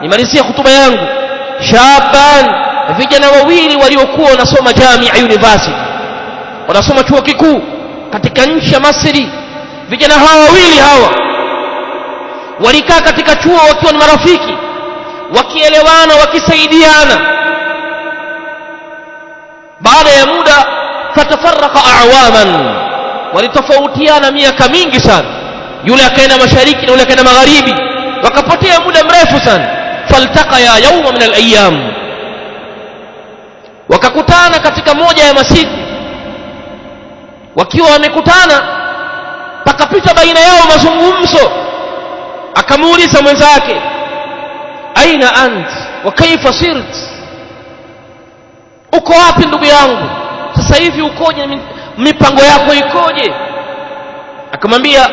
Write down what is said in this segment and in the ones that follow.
nimalizie hutuba yangu shaban vijana wawili waliokuwa wanasoma jamia university wanasoma chuo kikuu katika nchi ya masri vijana hawa wawili hawa walikaa katika chuo wakiwa ni marafiki wakielewana wakisaidiana baada ya muda fatafaraka awaman walitofautiana miaka mingi sana yule akaenda mashariki na yule akaenda magharibi wakapotea muda mrefu sana faltaqaya yauma min alayyam wakakutana katika moja ya masiku wakiwa wamekutana pakapita baina yao mazungumzo akamuuliza mwenzake aina ant wa kaifa sirt uko wapi ndugu yangu sasa hivi ukoje mipango yako ikoje akamwambia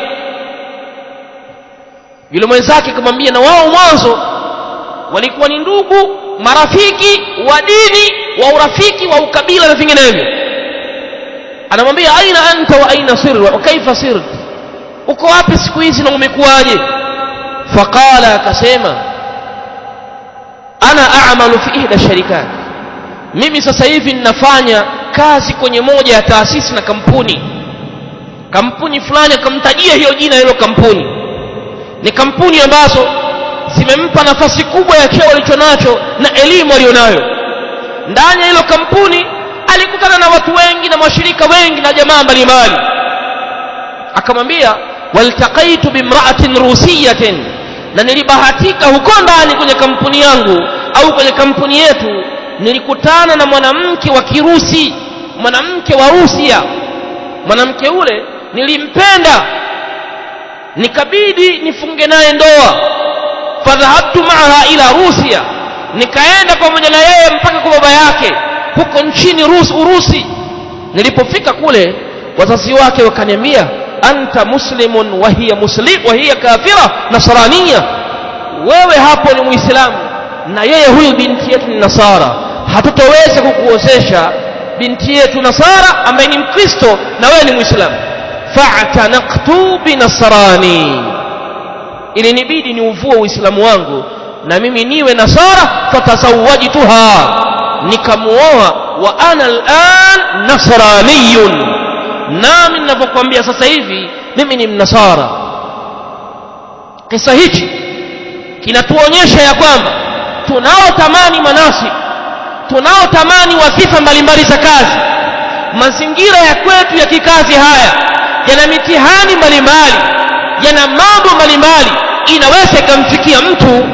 yule mwenzake akamwambia na wao mwanzo walikuwa ni ndugu marafiki wa dini wa urafiki wa ukabila na vinginevyo anamwambia aina anta wa aina sir wa kaifa sir uko wapi siku hizi na umekuwaje faqala akasema ana a'malu fi ihda sharikat mimi sasa hivi ninafanya kazi kwenye moja ya taasisi na kampuni kampuni fulani akamtajia hiyo jina hilo kampuni ni kampuni ambazo zimempa nafasi kubwa ya cheo alichonacho na elimu aliyonayo. Ndani ya hilo kampuni alikutana na watu wengi na washirika wengi na jamaa mbalimbali, akamwambia waltaqaitu bimraatin rusiyatin, na nilibahatika huko ndani kwenye kampuni yangu au kwenye kampuni yetu nilikutana na mwanamke wa Kirusi, mwanamke wa Rusia. Mwanamke ule nilimpenda, nikabidi nifunge naye ndoa fadhahabtu maaha ila rusia nikaenda pamoja na yeye mpaka kwa baba yake huko nchini Rus, urusi nilipofika kule wazazi wake wakaniambia anta muslimun wahiya muslim wahiya kafira nasraniya wewe hapo ni muislamu na yeye huyu binti yetu ni nasara hatutoweza kukuozesha binti yetu nasara ambaye ni mkristo na wewe ni muislamu fatanaktu binasrani ilinibidi niuvue uislamu wangu na mimi niwe nasara fatazawajtuha nikamuoa wa ana alan nasraniyun nami ninavyokuambia sasa hivi mimi ni mnasara kisa hichi kinatuonyesha ya kwamba tunaotamani manasib tunaotamani wadhifa mbalimbali za kazi mazingira ya kwetu ya kikazi haya yana mitihani mbalimbali na mambo mbalimbali inaweza ikamfikia mtu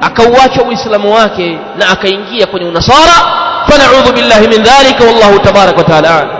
akauacha uislamu wake na akaingia kwenye unasara fanaudhu billahi min dhalika wallahu tabaraka wa taala